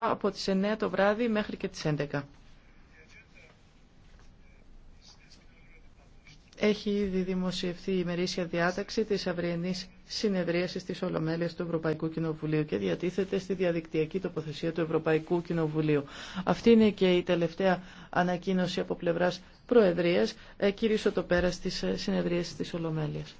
από τις 9 το βράδυ μέχρι και τις 11. Έχει ήδη δημοσιευθεί η ημερήσια διάταξη της αυριανής συνεδρίασης της Ολομέλειας του Ευρωπαϊκού Κοινοβουλίου και διατίθεται στη διαδικτυακή τοποθεσία του Ευρωπαϊκού Κοινοβουλίου. Αυτή είναι και η τελευταία ανακοίνωση από πλευράς Προεδρίας. Ε, Κυρίσω το πέρας της ε, συνεδρίασης της Ολομέλειας.